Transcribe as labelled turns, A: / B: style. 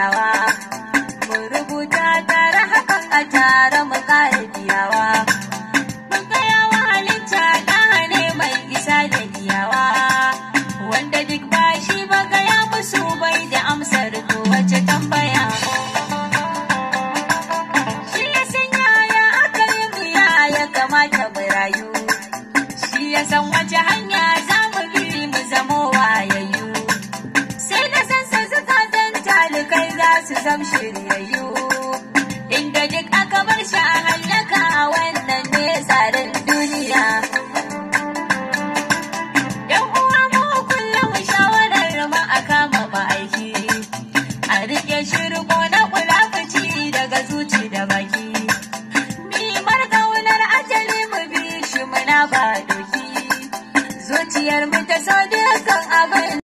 A: iyawa mu rubuta tare hakan a tare mu kare iyawa mun gaya wa halitta ɗaha ne mai isa da iyawa wanda duk ba shi ba gaya musu bai da amsar ko wace tambaya shi ya san yaya aka yi ya kamata mu rayu shi ya san wace hanya su zam shiryayyu inda duk aka bar shi a hallaka wannan ne tsarin duniya yan uwa mu kullum shawarar ma a kama ma'aiki a riƙe shirko na kulafaci daga zuci da baki mimar kaunar ajali mu bi shi mu ba doki zuciyar mu ta so dukkan abin